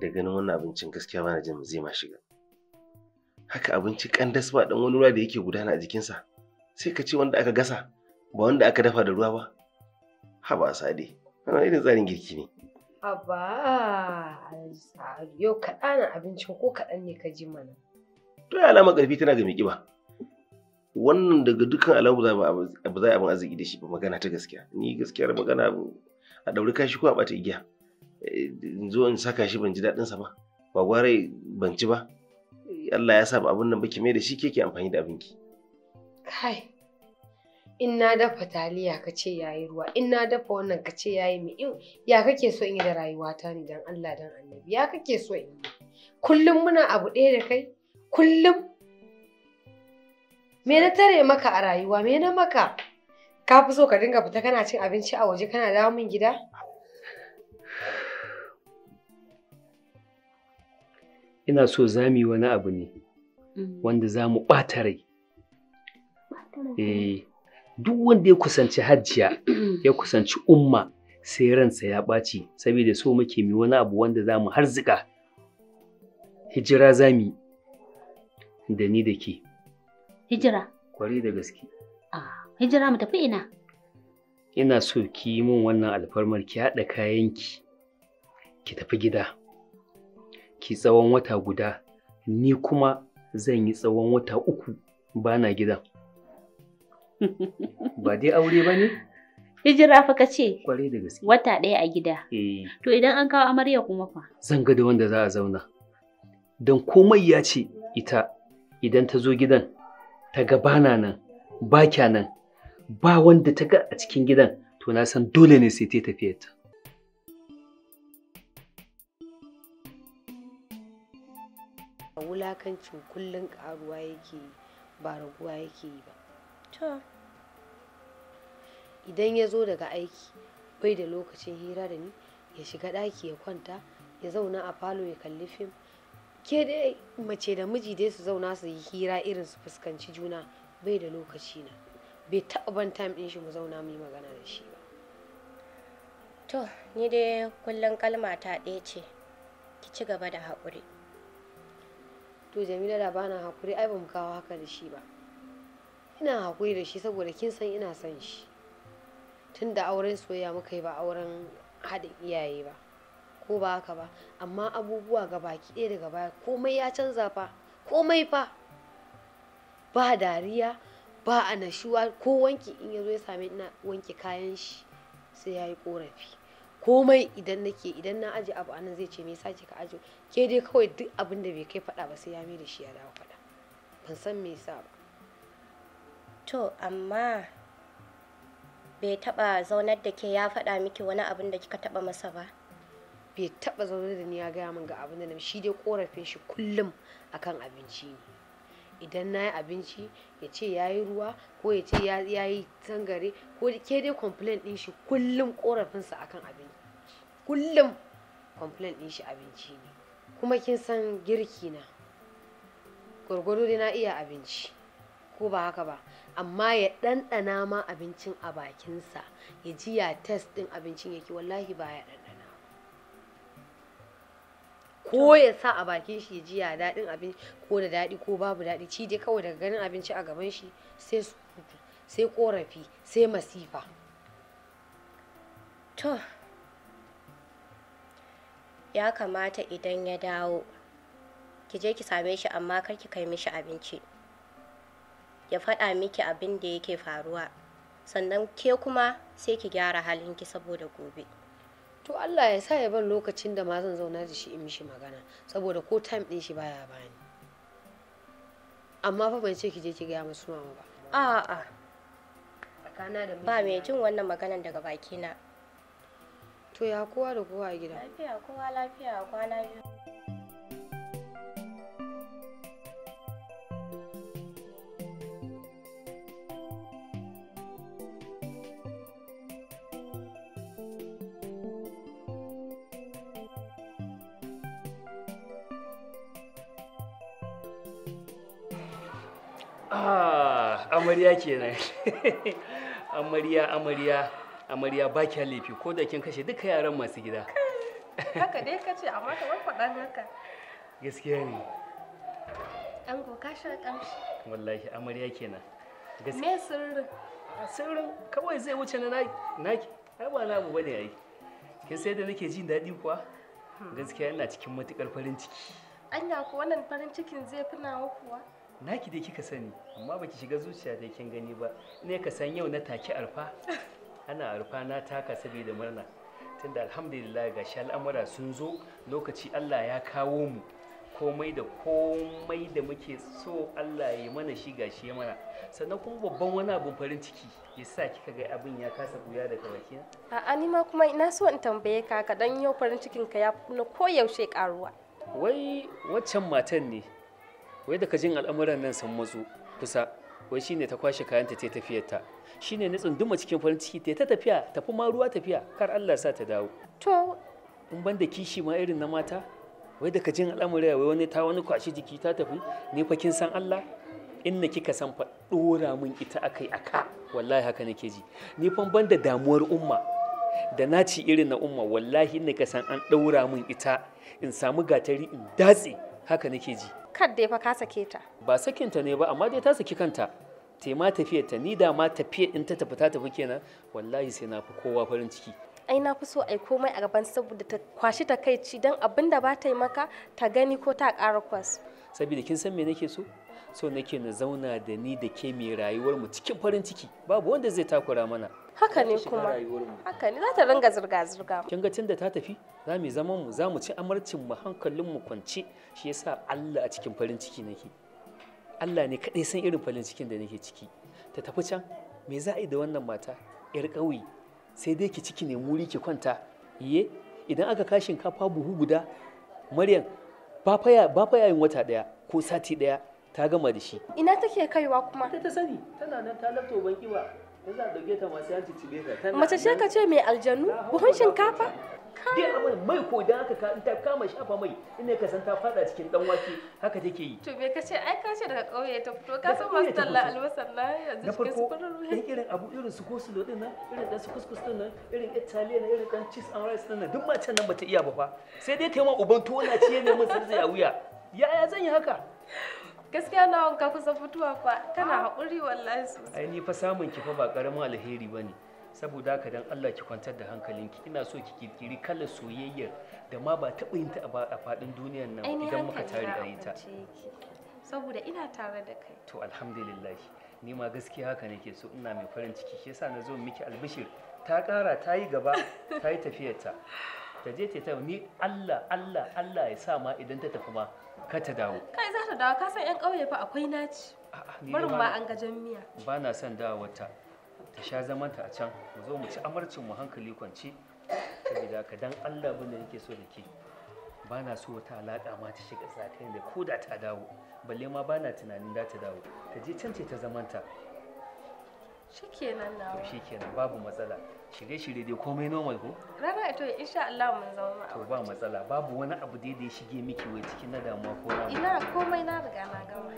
da ganin wannan abincin gaskiya bana jin zai ma shiga haka abinci kandas ba dan wani ruwa da yake gudana a jikinsa sai ka ce wanda aka gasa ba wanda aka dafa da ruwa ba haba sade ana irin tsarin girki ne haba yau kaɗan abincin ko kaɗan ne ka ji mana to ya alama ƙarfi tana ga mai ƙiba wannan daga dukkan alamu za ba za a abin arziki da shi ba magana ta gaskiya ni gaskiyar magana a ɗauri kashi ko a ɓata igiya zo in saka shi ban ji daɗinsa ba ba gwarai ban ci ba Allah ya sa ba abin nan ba ki mai da shi ke ke amfani da abinki. Kai, in na dafa taliya ka ce ya yi ruwa, in na dafa wannan ka ce ya yi mai ya kake so in yi da rayuwata ne don Allah don annabi, ya kake so in yi. Kullum muna abu ɗaya da kai, kullum. Me na tare maka a rayuwa, me na maka? Ka fi so ka dinga fita kana cin abinci a waje kana dawo min gida? ina so za mu yi wani abu ne mm. wanda za mu ɓata rai eh, duk wanda ya kusanci hajjiya mm. ya kusanci umma sai ransa ya ɓaci saboda so muke mi wani abu wanda za mu harzika hijira za mu da ni da ke hijira Kwari da gaske hijira mu tafi ina ina so ki yi min wannan alfarmar ki haɗa kayanki ki tafi gida ki tsawon wata guda ni kuma zan yi tsawon wata uku ba na gidan ba dai aure ba ne hijira fa ka ce wata ɗaya a gida eh. to idan an kawo amarya kuma fa zan ga da wanda za a zauna dan komai ya ce ita idan ta zo gidan ta ga bana nan ba kya nan ba wanda ta ga a cikin gidan to na san dole ne sai ta tafiyarta wulakancin kullum karuwa yake ba raguwa yake yi ba idan ya zo daga aiki bai da lokacin hira da ni ya shiga ɗaki ya kwanta ya zauna a falo ya kalli fim ke dai mace da miji dai su zauna su yi hira irin su fuskanci juna bai da lokaci na bai taɓa ban time ɗin shi mu zauna mu yi magana da shi ba to ni dai kullum kalma ta ɗaya ce ki ci gaba da haƙuri to jamila da bana hakuri ai bamu kawo haka da shi ba ina hakuri da shi saboda kin san ina son shi tun da auren soyayya muka yi ba auren haɗin iyaye ba ko ba haka ba amma abubuwa ga baki ɗaya daga baya komai ya canza fa komai fa ba dariya ba annashuwa ko wanki in ya zo ya same ina wanke kayan shi sai ya yi ƙorafi komai idan nake idan na aje abu anan zai ce me yasa kika aje ke dai kawai duk abin da bai kai fada ba sai ya mai da shi ya dawo fada ban san me yasa ba to amma bai taba zaunar da ke ya fada miki wani abin da kika taba masa ba bai taba zaunar da ni ya gaya min ga abin da shi dai korafin shi kullum akan abinci ne idan na yi abinci ya ce ya yi ruwa ko ya ce ya yi tangare ko ke dai complain din shi kullum korafinsa akan abinci kullum complain din shi abinci ne kuma kin san girki na gwargwado dai na iya abinci ko ba haka ba amma ya ɗanɗana ma abincin a bakinsa ya ji ya test ɗin abincin yake wallahi ba ya ɗanɗana ko ya sa a bakin shi ji ya daɗin abin ko da daɗi ko babu daɗi ci dai kawai daga ganin abinci a gaban shi sai surutu sai korafi sai masifa to ya kamata idan ya dawo ki je ki same shi amma kar ki kai mishi abinci ya faɗa miki abin da yake faruwa sannan ke kuma sai ki gyara halinki saboda gobe to Allah ya sa ya ban lokacin da ma zan zauna da shi in mishi magana saboda ko time din shi baya bani amma fa ban ce ki je ki gaya musu mama ba a'a ba mai jin wannan maganan daga baki na to ya kowa da kowa a gida lafiya kowa lafiya kwana biyu amarya kenan amarya amarya amarya ba kya laifi ko da kin kashe duka yaran masu gida haka dai kace amma ka bar faɗan haka gaskiya ne an goka shi kamshi wallahi amarya kenan gaskiya me sirrin sirrin kawai zai wuce na naki ai ba namu bane ai kin sai da nake jin daɗi kuwa hmm. gaskiya ina cikin matukar farin ciki anya ku wannan farin cikin zai fina nawa kuwa naki dai kika sani amma baki shiga zuciya dai kin gani ba ne ka san yau na taki alfa ana alfa na taka saboda murna tunda alhamdulillah ga al'amura sun zo lokaci Allah ya kawo mu komai da komai da muke so Allah ya mana shi gashi ya mana sannan kuma babban wani abun farin ciki ya sa kika ga abin ya kasa buya daga baki a'a ni ma kuma ina so in tambaye ka ka dan yau farin cikin ka ya na koyaushe karuwa wai waccan matan ne wai da ka jin al'amuran nan sun matsu kusa wai shine ta kwashe kayanta ta tafiyar ta shine na tsunduma cikin farin ciki ta tafiya tafi ma ruwa tafiya kar Allah sa ta dawo to in ban da kishi ma irin na mata wai da ka jin al'amuran wai wani ta wani kwashi jiki ta tafi ni fa kin san Allah inna kika san fa dora min ita akai aka wallahi haka nake ji ni fa ban da damuwar umma da na ci irin na umma wallahi inna ka san an daura min ita in samu gatari in datse haka nake ji kar dai fa ka sake ta ba sakin ta ne ba amma dai ta saki kanta te ma tafiyar ta ni da ma tafiyar in ta tafi ta tafi kenan wallahi sai na fi kowa farin ciki ai na fi so ai komai a gaban saboda ta kwashi ta kai ci don abin da ba ta yi maka ta gani ko ta ƙara kwas saboda kin san me nake so so nake na zauna da ni da ke mai rayuwar mu cikin farin ciki babu wanda zai takura mana haka ne kuma haka ne za ta ringa zirga-zirga kin ga tunda ta tafi za mu zaman mu za mu ci amarcin mu hankalin mu kwance shi yasa Allah a cikin farin ciki nake Allah ne kadai san irin farin cikin da nake ciki ta tafi can me za a yi da wannan mata yar kauye, sai dai ki ciki ne muri ki kwanta iye idan aka ka shinkafa buhu guda maryam ba fa yayin wata daya ko sati daya ta gama da shi ina take kaiwa kuma ta ta sani tana nan ta lafto ban kiwa mace ce ka ce mai aljanu buhun shinkafa dai amai mai ko dan haka ka in ta kama shafa mai ina ka san ta fada cikin dan wake haka take yi to me ka ce ai ka ce daga kauye ta fito ka san masu talla albasan na yanzu cikin su fara ruwa irin abu irin su kosulo din nan irin dan su kuskus din nan irin italiya irin dan cheese and rice din nan duk macen nan bata iya ba fa sai dai kai ma uban tuwo na ciye ne mun sai a wuya yaya zan yi haka gaskiya na wanka kusa fituwa fa kana ah. haƙuri wallahi sosai ai ni fa samun ki fa ba karamin alheri bane saboda haka dan Allah ki kwantar da hankalinki ina so ki kirkiri kala soyayyar da ma ba taɓa yin ta a faɗin duniyar nan idan muka tare da ita saboda ina tare da kai to alhamdulillah ni ma gaskiya haka nake so ina mai farin ciki shi yasa na zo miki albishir ta ƙara ta yi gaba ta yi tafiyarta ta je ta ni Allah Allah Allah ya sa ma idan ta tafi ma ka ta dawo kai za ta dawo ka san yan ƙauye fa akwai naci barin ma an gajen miya ba na son wata ta sha zamanta a can mu zo mu ci amarcin mu hankali kwance saboda ka dan Allah bin da yake so da ke ba na so wata alaƙa ma ta shiga tsakanin da ko da ta dawo balle ma ba na tunanin da ta dawo ta je can ce ta zamanta shikenan na to shikenan babu matsala shirye-shirye dai komai normal ko rana to insha Allah mun zama to ba matsala babu wani abu dai da ya shige miki wai cikin na damuwa ko na ina komai na riga na gama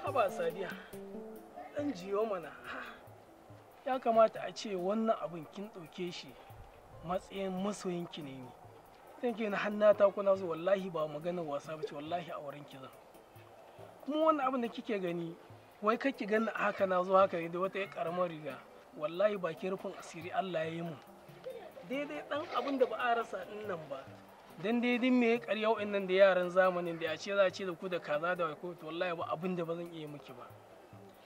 Haba Sadiya, ɗan jiyo mana, ha ya kamata a ce wannan abin kin ɗauke shi matsayin masoyinki ne ni zan ke na hannata kuna zuwa wallahi ba maganar wasa ba ce wallahi a wurin zan kuma wannan abin da kike gani wai kake gani a haka na zuwa haka ne da wata ya karamar riga wallahi bakin rufin asiri Allah ya yi mu daidai dan abin da ba a rasa din nan ba dan daidai me ya karya wa'annan da yaran zamanin da ya ce za a ce da ku da kaza da wai ko wallahi ba abin da ba zan iya miki ba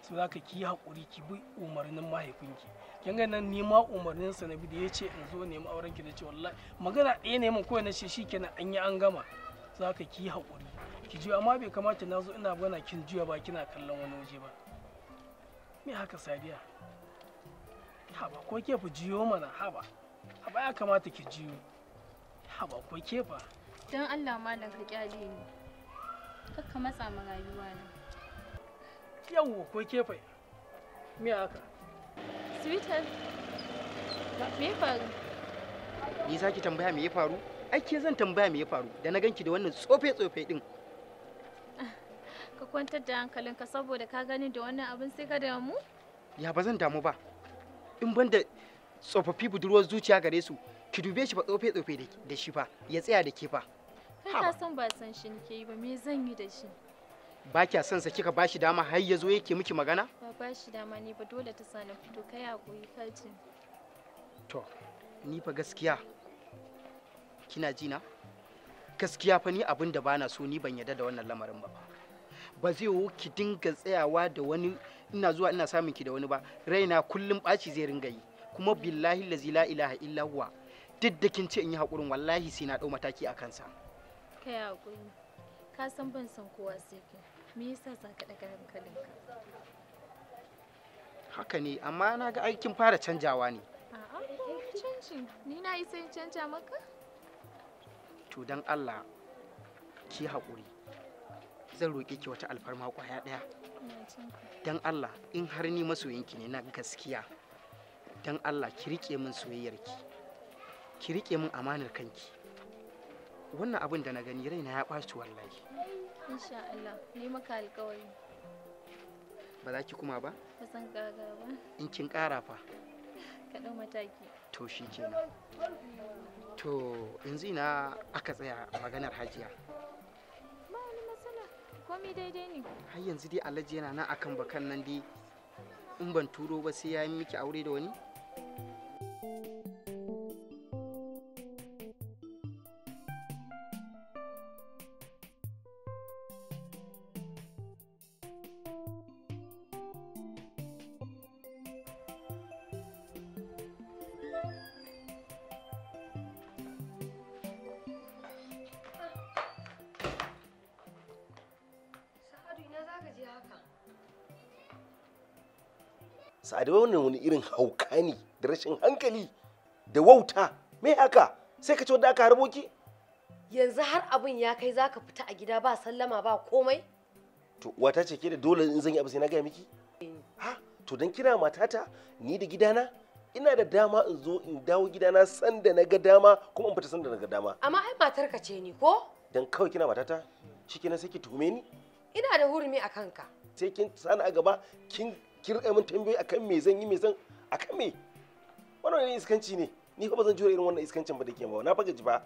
su za ka ki haƙuri ki bi umarnin mahaifinki kin ga nan nima umarnin sa na bi da yace in zo nemi auren ki da ce wallahi magana ɗaya ne mun kawai na shikenan an yi an gama za ka ki haƙuri ki ji amma bai kamata na zo ina gana kin juya ba kina kallon wani waje ba me haka sadiya haba ko ke fa jiyo mana haba haba ya kamata ki jiyo haba ko ke fa dan Allah malam ka kyale ni kakka matsa ma rayuwa na yawo ko kefe me haka sweetheart me faru ni zaki tambaya me ya faru ai ke zan tambaya me ya faru da na ganki da wannan tsofe tsofe din ah, ka kwantar da hankalinka saboda ka gani da wannan abin sai ka damu ya ba zan damu ba in ban da tsofaffi budurwar zuciya gare su ki dube shi ba tsofe tsofe da shi fa ya tsaya da ke fa kana son ba san shi ne ke yi ba me zan yi da shi ba kya son sa kika bashi dama har ya zo yake miki magana ba bashi dama ne ba dole ta sani fito kai hakuri kalci to ni fa gaskiya kina ji na gaskiya fa ni abin da bana so ni ban yarda da wannan lamarin ba ba zai wo ki dinga tsayawa da wani ina zuwa ina samun ki da wani ba raina kullum baci zai ringa yi kuma billahi lazi la ilaha illa huwa duk da kin ce in yi hakurin wallahi sai na dau mataki a kansa kai haƙuri ka san ban san kowa sai kai me yasa za ka daga hankalinka haka ne amma na ga aikin fara canjawa ne a'a canji ni na yi sai canja maka to dan Allah ki haƙuri zan roƙe ki wata alfarma kwaya ɗaya dan Allah in har ni masoyinki ne na gaskiya dan Allah ki rike min soyayyarki ki rike min amanar kanki wannan abin da na gani raina ya ɓaci wallahi insha Allah ni maka alkawari ba za ki kuma ba ba san gaga ba in kin kara fa ka dau mataki to shi kenan to yanzu ina aka tsaya maganar hajiya ba wani matsala komai daidai ne har yanzu dai alhaji yana nan akan bakan nan dai in ban turo ba sai ya yi miki aure da wani da wannan wani irin hauka ne da rashin hankali da wauta me haka sai ka ci wanda aka harbo ki yanzu har abin ya kai zaka fita a gida ba sallama ba komai to wata ce ke da dole in zan yi abu sai na gaya miki ha to dan kina matata ni da gidana ina da dama in zo in dawo gidana sanda na ga dama kuma in fita sanda na ga dama amma ai matar ka ce ni ko dan kawai kina matata shikenan sai ki tume ni ina da hurumi a kanka sai kin sani a gaba kin kin rika min tambayoyi akan me zan yi me zan akan me wannan ne iskanci ne ni fa bazan zan jure irin wannan iskancin ba da ke ba na faga ji ba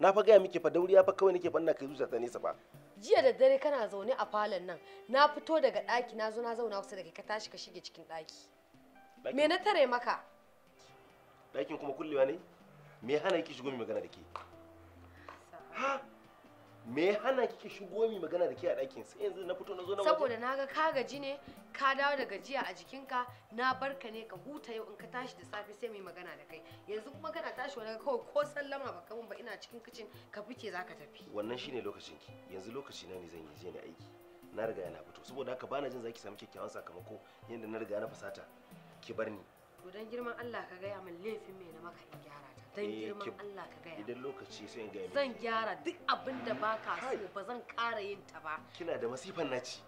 na fa gaya miki fa dauriya fa kawai nake fanna kai zuciya ta nesa ba jiya da dare kana zaune a falon nan na fito daga daki na zo na zauna kusa da kai ka tashi ka shige cikin daki me na tare maka Dakin kuma kullewa ne me hana ki shigo mai magana da ke ha me hana kike shigo mi magana da ke a ɗakin sai yanzu na fito na zo na saboda na ga ka gaji ne ka dawo da gajiya a jikinka na barka ne ka huta yau in ka tashi da safe sai mu magana da kai yanzu kuma kana tashi wani kawai ko sallama baka kamun ba ina cikin kicin ka fice zaka tafi wannan shine lokacin ki yanzu lokaci na ne zan yi je ni aiki na riga na fito saboda haka bana jin zaki samu kyakkyawan sakamako yanda na riga na fasata ki bar ni to dan girman Allah ka gaya min laifin me na maka in gyara dan eh, girman Allah ka gaya idan lokaci sai in gaya zan gyara duk abin da ka so ba zan ƙara yin ta ba kina da masifan naci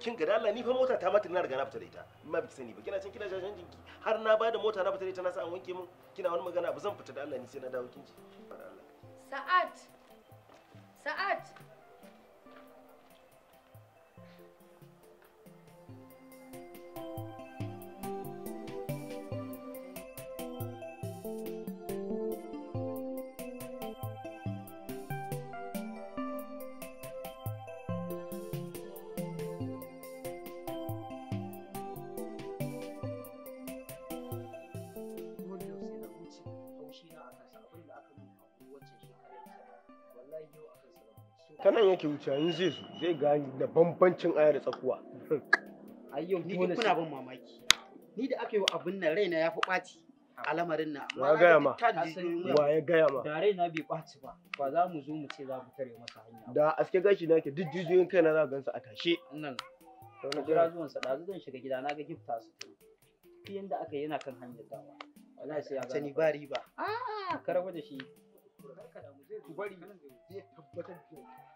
kin ga Allah ni fa mota ta mata na riga na fita da ita in ma biki sani ba kina cin kina jajan jinki har na bada mota na fita da ita na sa an wanke min kina wani magana ba zan fita da Allah ni sai na dawo kinki sa'ad sa'ad nan yake wuce yanzu zai zo zai gani da bambancin aya da tsakuwa ayyo ni kuna ban mamaki ni da aka yi abin nan raina ya fi ɓaci a lamarin nan wa gaya ma wa ya gaya ma da raina bai ɓaci ba ba za mu zo mu ce za mu tare masa hanya da aske gashi na ke duk jijiyoyin na za gansa a tashe nan to na jira zuwan sa ɗazu zan shiga gida na ga gifta su fi yanda aka yi yana kan hanyar dawa wallahi sai ya ga ni ba riba a ka rabu da shi ku bari zai tabbatar da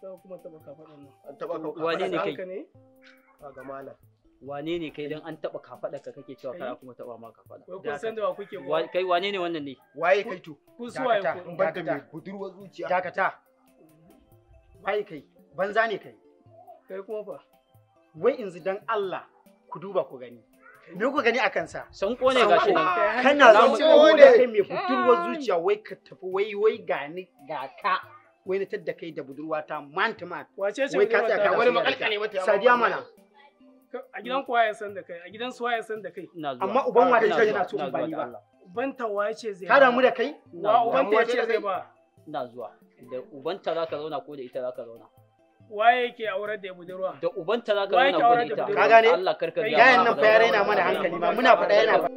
Sai kuma taba ka nan. An taba ka Wane ne kai? A ga malam. Wane ne kai dan an taba ka ka kake cewa kana kuma taba ma ka faɗa. Wai kun san da wa kuke ba. Kai wane ne wannan ne? Waye kai to? Ku su waye ku? In banta mai budurwa zuciya. Dakata. Waye kai? Banza ne kai. Kai kuma fa? Wai yanzu dan Allah ku duba ku gani. me ku gani a kansa san kone ga shi nan kana zama kone kai mai fitarwar zuciya wai ka tafi wai wai gani ga ka wai na tadda kai da budurwata ta to wace sai wai ka tsaya ka wani makalkane ne ya sadiya mana a gidan kuwa ya san da kai a gidan suwa ya san da kai amma uban wa da ita yana so ba ni ba uban ta wace zai kada mu da kai wa uban ta wace zai ba ina zuwa da uban ta zaka zauna ko da ita zaka zauna waye yake aurar da budurwa da uban ta zaka zauna ko da ita ka gane Allah karkar ya yayin nan fa ya raina mana hankali ba muna faɗa yana ba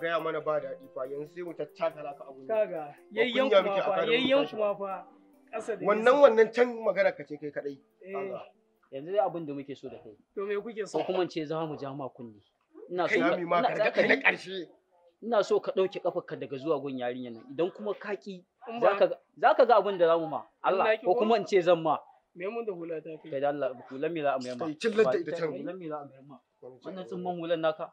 gaya mana ba daɗi fa yanzu sai mu tattakala ka abu kaga yayyan kuma fa yayyan kuma fa ƙasa da wannan wannan can magana ka ce kai kadai eh. yanzu dai abin da muke so da kai to me kuke so kuma ce za mu ja ma kunni ina so kai ma ka na ƙarshe ina so ka ɗauke ƙafarka daga zuwa gun yarinyar nan idan kuma kaki zaka zaka ga abin da zamu ma Allah ko kuma in ce zan ma me mun da hula ta kai da Allah hulan me za a mayar ma cin ladda ita can hulan me za a mayar ma wannan tsumman hulan naka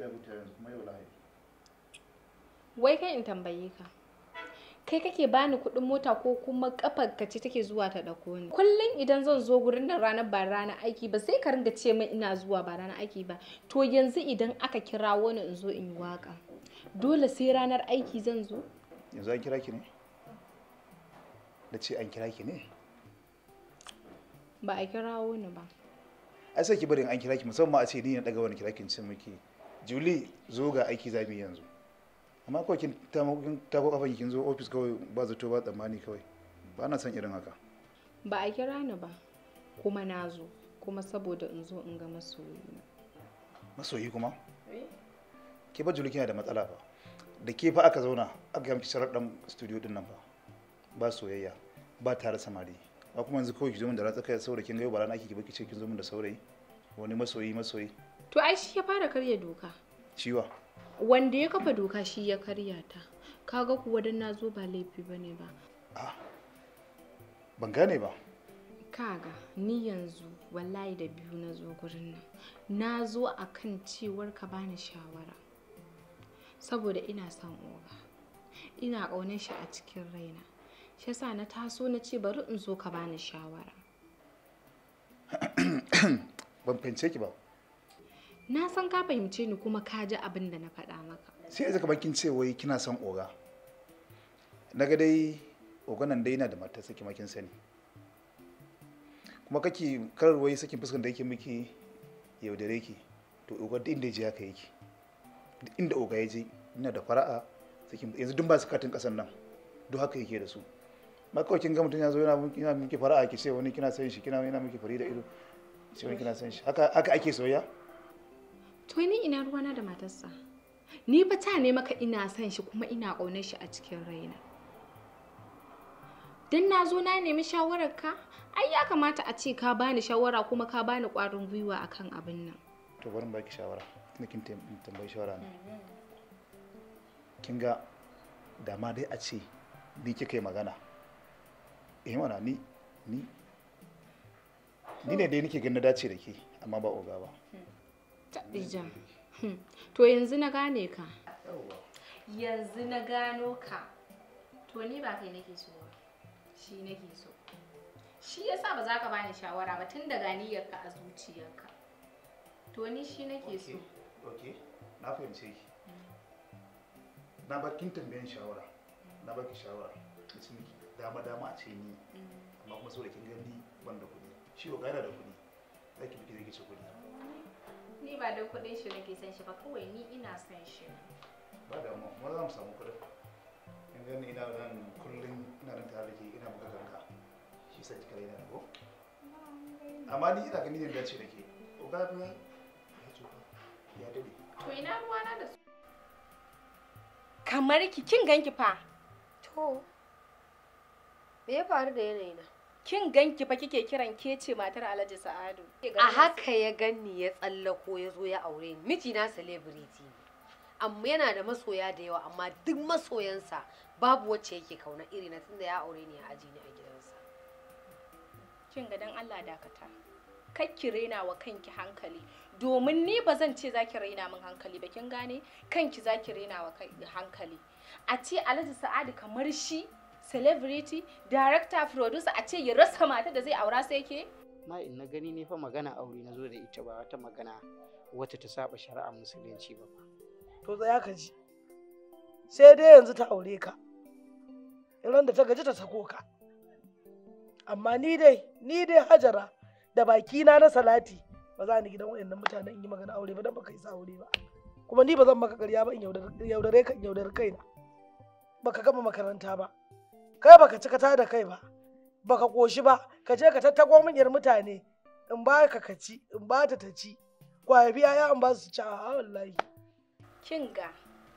yanzu kuma yau lahi wai kai in tambaye ka kai kake bani kuɗin mota ko kuma kafar ka ce take zuwa ta ɗauko ni kullum idan zan zo gurin nan ranar ba ranar aiki ba sai ka ringa ce min ina zuwa ba ranar aiki ba to yanzu idan aka kira wani in zo in yi waka dole sai ranar aiki zan zo yanzu an kira ki ne da ce an kira ki ne ba a kirawo ni ba ai sai ki bari an kira ki musamman a ce ni na daga wani kira kin ce miki juli zo ga aiki zabi yanzu amma kawai kin tako kafan kin zo ofis kawai ba zato ba tsammani kawai ba na son irin haka ba a kira ni ba kuma na zo kuma saboda in zo in ga masoyi masoyi kuma eh. ke ba juli kina da matsala ba da ke fa aka zauna aka yamci dan studio din nan ba ba soyayya ba tare samari ba kuma yanzu kawai ki zo min da ratsa kai saurayi kin ga yau ba rana ki ki ce kin zo min da saurayi wani masoyi masoyi To ai shi ya fara karya doka. Ciwa. Wanda ya kafa doka shi ya karya ta. Kaga kuwa dan na zo ba laifi bane ba. Ah. Ban gane ba. Kaga ni yanzu wallahi da biyu na zo gurin nan. Na zo akan cewar ka bani shawara. Saboda ina son uwa. Ina ƙaunar shi a cikin raina. Shi yasa na taso na ce bari in zo ka bani shawara. Ban fahimce ki ba. na san ka fahimce ni kuma ka ji abin da na faɗa maka sai zaka bakin ce wai kina son oga Na ga dai oga nan dai yana da matar saki makin sani kuma kake karar wai sakin fuskan da yake miki yaudare ki to oga duk inda ya je haka yake duk inda oga ya je yana da fara'a sakin yanzu dun ba su katin kasan nan duk haka yake da su makawacin ga mutum ya zo yana miki fara'a ki ce wani kina son shi kina yana miki fari da ido ce wani kina son shi haka ake soyayya To ni ina ruwana da matarsa. Ni fa ta ne maka ina son shi kuma ina ƙaunar shi a cikin raina. Dan na zo na nemi shawarar ka, ai ya kamata a ce ka bani shawara kuma ka bani ƙwarin gwiwa akan abin nan. To bari baki shawara, tunda kin tambayi shawara ne. Mm-hmm. Kin ga da ma dai a ce ni kika yi magana. Eh mana ni ni ni ne dai nake ganin dace da ke amma ba oga ba. Hmm. Hmm. To yanzu na gane ka. Yanzu na gano ka. To ni ba kai nake so ba. Shi nake so. Shi yasa ba za ka bani shawara ba tun daga niyyarka a zuciyarka. To ni shi nake so. Okay. Na fahimce ki. Na bakin tambayan shawara. Na baki shawara. Kace miki dama dama a ce ni. Hmm. Amma kuma saboda kin gani ban da kuɗi. Shi ba gaira da kuɗi. Zaki biki zai ki ci kuɗi. Ni ba don kuɗin shi nake son shi ba kawai ni ina son shi. Ba da mu, wani za mu samu kuɗin. In ni ina nan kullun ina nan tare da ke ina buga kanka. Shi sa kika raina ko? Amma ni ina ganin da ce da ke. Oga ya tsufa. Ya dade. To ina ruwana da su. Kamar ki kin ganki fa. To. Me ya faru da na kin ganki fa kike kiran ke ce matar Alhaji Sa'adu. A haka ya ganni ya tsallako ya zo ya aure ni. Mijina celebrity ne. Amma yana da masoya da yawa amma duk masoyansa babu wacce yake kauna iri na tunda ya aure ni ya aji ni a gidansa. Kin ga dan Allah dakata. Kakki raina wa kanki hankali domin ni ba zan ce zaki raina min hankali ba kin gane kanki zaki raina wa hankali. A ce Alhaji Sa'adu kamar shi celebrity director producer a ce ya rasa mata da zai aura sai ke ma in na gani ne fa magana aure na zo da ita ba wata magana wata ta saba shari'a musulunci ba to tsaya ka ji sai dai yanzu ta aure ka ran da ta gaji ta sako ka amma ni dai ni dai hajara da baki na na salati ba za ni gidan wayannan mutanen in yi magana aure ba dan baka isa aure ba kuma ni ba zan maka ƙarya ba in yaudare ka in yaudare kaina baka gama makaranta ba kai baka cika ta da kai ba baka koshi ba ka je ka tattago min mutane in ba ka kaci in ba ta ta ci biya ya in ba su ci a wallahi kin ga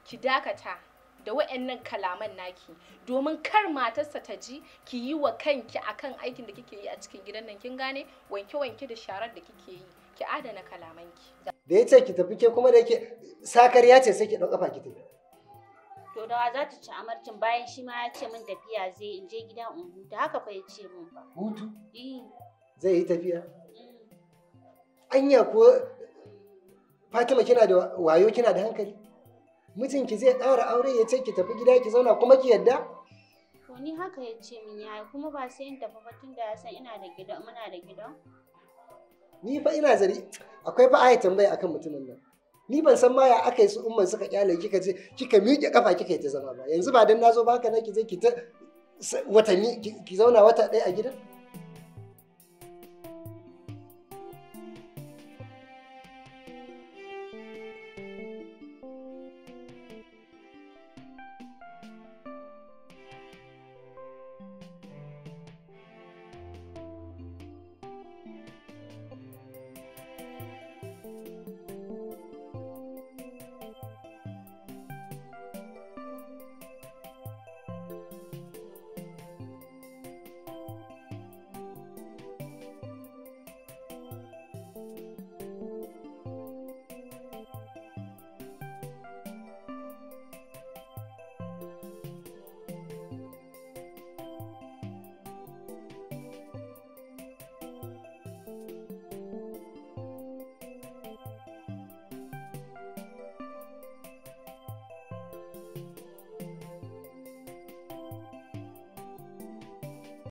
ki dakata da wa'annan kalaman naki domin kar matarsa ta ji ki yi wa kanki akan aikin da kike yi a cikin gidan nan kin gane wanke wanke da sharar da kike yi ki adana kalamanki da yace ki tafi ke kuma da yake sakar ce sai ki dauka kafa ki tafi Daudawa za ta ci amarcin bayan shi ma ya ce min tafiya zai in je gida in huta haka fa ya ce min ba. Hutu? Eh. Zai yi tafiya? Mm. Anya ko Fatima kina da wayo kina da hankali? Mijinki zai ƙara aure ya ce ki tafi gida ki zauna kuma ki yadda? To ni haka ya ce min yayi kuma ba sai in tafi ba tunda da ya san ina da gida muna da gida. Ni fa ina zari akwai fa aya tambaya akan mutumin nan. ni ban san ma ya aka yi su umman suka kyale kika ce kika miƙe kafa kika yi ta zama ba yanzu ba dan nazo ba haka ki je ki ta watanni ki zauna wata ɗaya a gidan